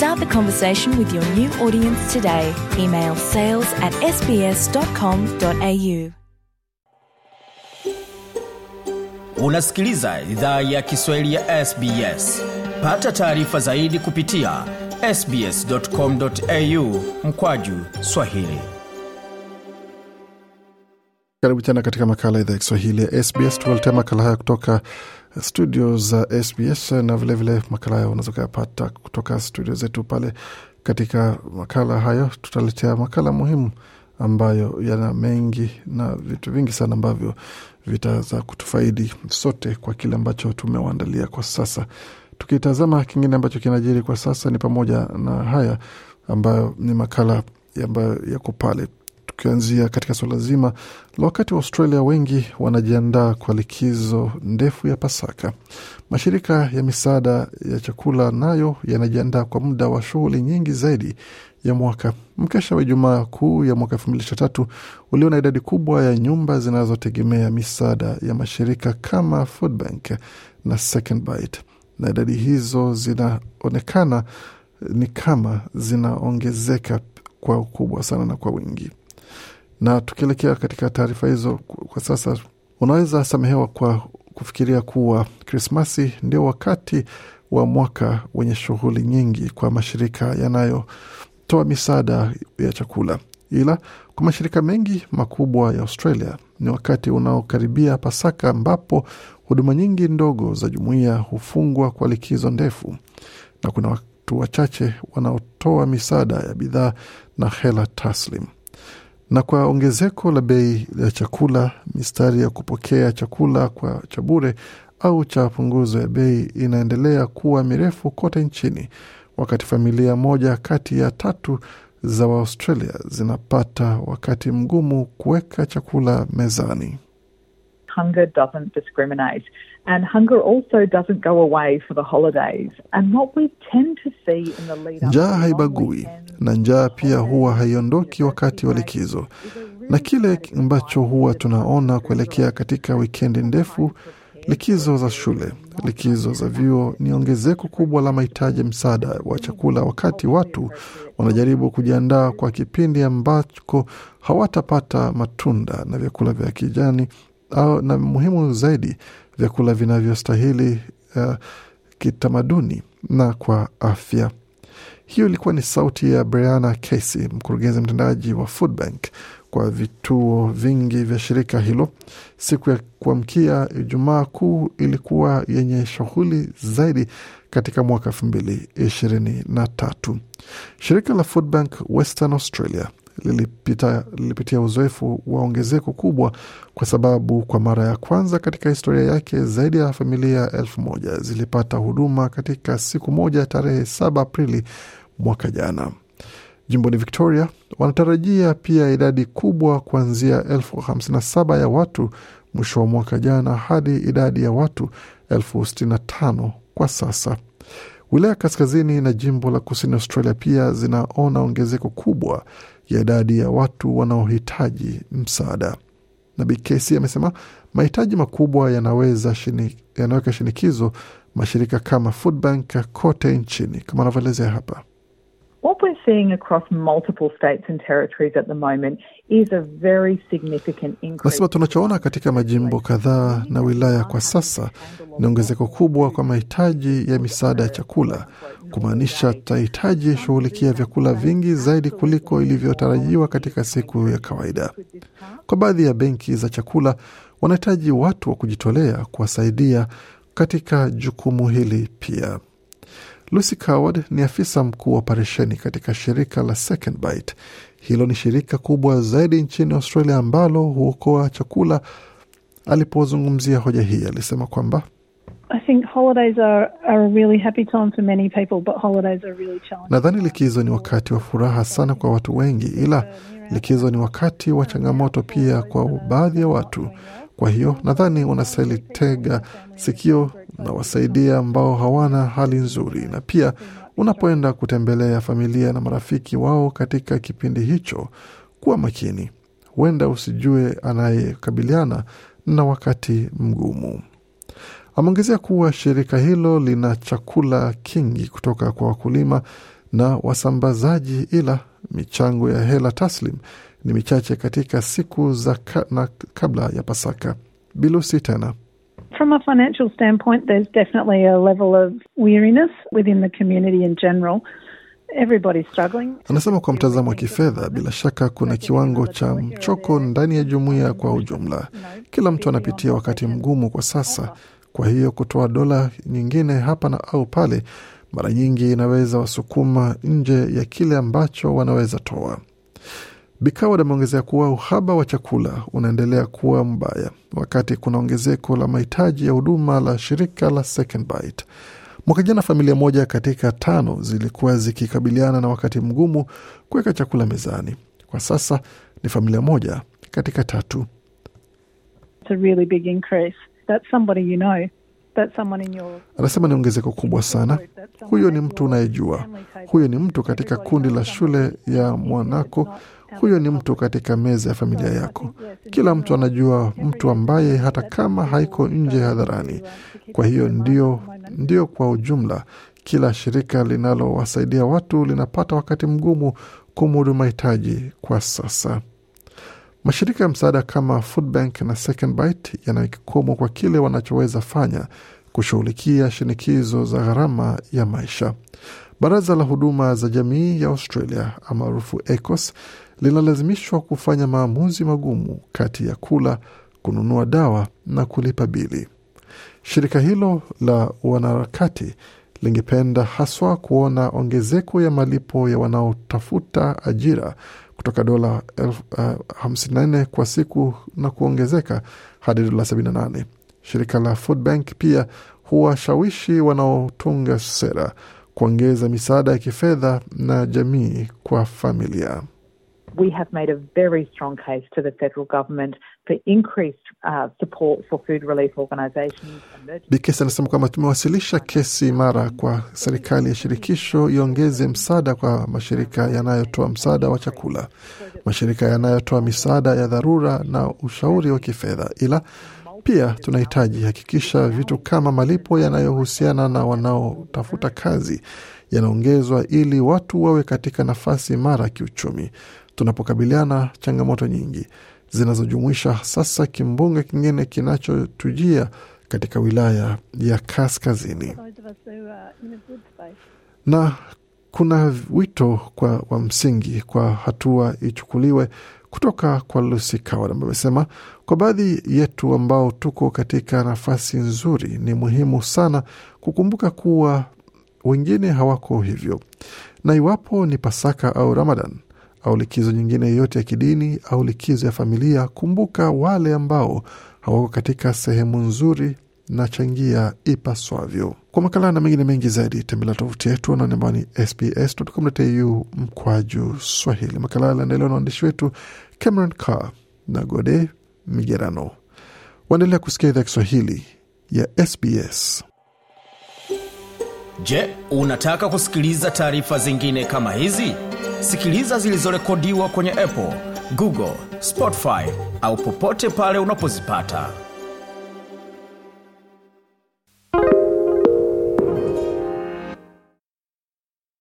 Start the conversation with your new audience today. Email sales at sbs.com.au. Unasikiliza idhaa ya Kiswahili ya SBS. Pata taarifa zaidi kupitia sbs.com.au mkwaju Swahili. Karibu tena katika makala idhaa ya Kiswahili ya SBS. Tunaletea makala haya kutoka studio za SBS na vilevile vile makala haya unaweza ukayapata kutoka studio zetu pale. Katika makala hayo tutaletea makala muhimu ambayo yana mengi na vitu vingi sana ambavyo vitaweza kutufaidi sote kwa kile ambacho tumewaandalia kwa sasa. Tukitazama kingine ambacho kinajiri kwa sasa ni pamoja na haya ambayo ni makala ambayo yako pale tukianzia katika suala zima la wakati wa Australia wengi wanajiandaa kwa likizo ndefu ya Pasaka. Mashirika ya misaada ya chakula nayo yanajiandaa kwa muda wa shughuli nyingi zaidi ya mwaka. Mkesha wa Ijumaa Kuu ya mwaka elfu mbili na idadi kubwa ya nyumba zinazotegemea misaada ya mashirika kama Foodbank na Secondbite, na idadi hizo zinaonekana ni kama zinaongezeka kwa ukubwa sana na kwa wingi. Na tukielekea katika taarifa hizo kwa sasa, unaweza samehewa kwa kufikiria kuwa Krismasi ndio wakati wa mwaka wenye shughuli nyingi kwa mashirika yanayotoa misaada ya chakula, ila kwa mashirika mengi makubwa ya Australia ni wakati unaokaribia Pasaka, ambapo huduma nyingi ndogo za jumuiya hufungwa kwa likizo ndefu na kuna watu wachache wanaotoa misaada ya bidhaa na hela taslim. Na kwa ongezeko la bei ya chakula, mistari ya kupokea chakula kwa cha bure au cha punguzo ya bei inaendelea kuwa mirefu kote nchini, wakati familia moja kati ya tatu za Waaustralia zinapata wakati mgumu kuweka chakula mezani hunger doesn't discriminate. And hunger also doesn't go away for the holidays. And what we tend to see in the lead up njaa haibagui na njaa pia huwa haiondoki wakati wa likizo, na kile ambacho huwa tunaona kuelekea katika wikendi ndefu, likizo za shule, likizo za vyuo, ni ongezeko kubwa la mahitaji msaada wa mm, chakula, wakati watu wanajaribu kujiandaa kwa kipindi ambako hawatapata matunda na vyakula vya kijani au, na muhimu zaidi vyakula vinavyostahili uh, kitamaduni na kwa afya. Hiyo ilikuwa ni sauti ya Briana Casey, mkurugenzi mtendaji wa Foodbank kwa vituo vingi vya shirika hilo. Siku ya kuamkia Ijumaa Kuu ilikuwa yenye shughuli zaidi katika mwaka elfu mbili ishirini na tatu. Shirika la Foodbank Western Australia lilipita, lilipitia uzoefu wa ongezeko kubwa kwa sababu kwa mara ya kwanza katika historia yake zaidi ya familia elfu moja zilipata huduma katika siku moja tarehe 7 Aprili mwaka jana. ni Victoria wanatarajia pia idadi kubwa kuanzia elfu hamsini saba ya watu mwisho wa mwaka jana hadi idadi ya watu elfu sitini tano kwa sasa. Wilaya kaskazini na jimbo la kusini Australia pia zinaona ongezeko kubwa ya idadi ya watu wanaohitaji msaada. na Kesi amesema mahitaji makubwa yanaweza shini, yanaweka shinikizo mashirika kama Foodbank kote nchini kama anavyoelezea hapa. What we're seeing across multiple states and territories at the moment is a very significant increase. Nasema tunachoona katika majimbo kadhaa na wilaya kwa sasa ni ongezeko kubwa kwa mahitaji ya misaada ya chakula, kumaanisha tutahitaji shughulikia vyakula vingi zaidi kuliko ilivyotarajiwa katika siku ya kawaida. Kwa baadhi ya benki za chakula, wanahitaji watu wa kujitolea kuwasaidia katika jukumu hili pia. Lucy Coward ni afisa mkuu wa operesheni katika shirika la SecondBite. Hilo ni shirika kubwa zaidi nchini Australia ambalo huokoa chakula. Alipozungumzia hoja hii, alisema kwamba nadhani likizo ni wakati wa furaha sana kwa watu wengi, ila likizo ni wakati wa changamoto pia kwa baadhi ya watu. Kwa hiyo nadhani wanastahili tega sikio na wasaidia ambao hawana hali nzuri, na pia unapoenda kutembelea familia na marafiki wao katika kipindi hicho, kuwa makini, huenda usijue anayekabiliana na wakati mgumu. Ameongezea kuwa shirika hilo lina chakula kingi kutoka kwa wakulima na wasambazaji, ila michango ya hela taslim ni michache katika siku za ka, na kabla ya Pasaka. Bilusi tena From a financial standpoint, there's definitely a level of weariness within the community in general. Anasema kwa mtazamo wa kifedha, bila shaka kuna kiwango cha mchoko ndani ya jumuiya kwa ujumla. Kila mtu anapitia wakati mgumu kwa sasa, kwa hiyo kutoa dola nyingine hapa na au pale mara nyingi inaweza wasukuma nje ya kile ambacho wanaweza toa. Bikawa ameongezea kuwa uhaba wa chakula unaendelea kuwa mbaya wakati kuna ongezeko la mahitaji ya huduma la shirika la Mwaka jana familia moja katika tano zilikuwa zikikabiliana na wakati mgumu kuweka chakula mezani. Kwa sasa ni familia moja katika tatu. Anasema ni ongezeko kubwa sana. Huyo ni mtu unayejua, huyo ni mtu katika kundi la shule ya mwanako huyo ni mtu katika meza ya familia yako. Kila mtu anajua mtu ambaye hata kama haiko nje hadharani. Kwa hiyo ndio, ndio kwa ujumla kila shirika linalowasaidia watu linapata wakati mgumu kumudu mahitaji kwa sasa. Mashirika ya msaada kama Food Bank na Second Bite yana kikomo kwa kile wanachoweza fanya kushughulikia shinikizo za gharama ya maisha. Baraza la huduma za jamii ya Australia maarufu ECOS linalazimishwa kufanya maamuzi magumu kati ya kula, kununua dawa na kulipa bili. Shirika hilo la wanaharakati lingependa haswa kuona ongezeko ya malipo ya wanaotafuta ajira kutoka dola 54 eh, kwa siku na kuongezeka hadi dola 78. Shirika la Bank pia huwashawishi wanaotunga sera kuongeza misaada ya kifedha na jamii kwa familia. We have made a very strong case to the federal government for increased uh, support for food relief organizations. Bikesi anasema kwamba tumewasilisha kesi mara kwa serikali ya shirikisho iongeze msaada kwa mashirika yanayotoa msaada wa chakula, mashirika yanayotoa misaada ya dharura na ushauri wa kifedha, ila pia tunahitaji hakikisha vitu kama malipo yanayohusiana na wanaotafuta kazi yanaongezwa ili watu wawe katika nafasi imara kiuchumi. Tunapokabiliana changamoto nyingi zinazojumuisha sasa kimbunga kingine kinachotujia katika wilaya ya kaskazini na kuna wito kwa wa msingi kwa hatua ichukuliwe kutoka kwa Lucy Coward ambaye amesema kwa baadhi yetu ambao tuko katika nafasi nzuri, ni muhimu sana kukumbuka kuwa wengine hawako hivyo, na iwapo ni Pasaka au Ramadan au likizo nyingine yoyote ya kidini au likizo ya familia, kumbuka wale ambao hawako katika sehemu nzuri nachangia ipaswavyo. Kwa makala na mengine mengi zaidi, tembelea tovuti yetu ni sbs.com.au mkwaju Swahili. Makala yaliandaliwa na waandishi wetu Cameron Carr na Gode Migerano. Waendelea kusikia idhaa Kiswahili ya SBS. Je, unataka kusikiliza taarifa zingine kama hizi? Sikiliza zilizorekodiwa kwenye Apple, Google, Spotify au popote pale unapozipata.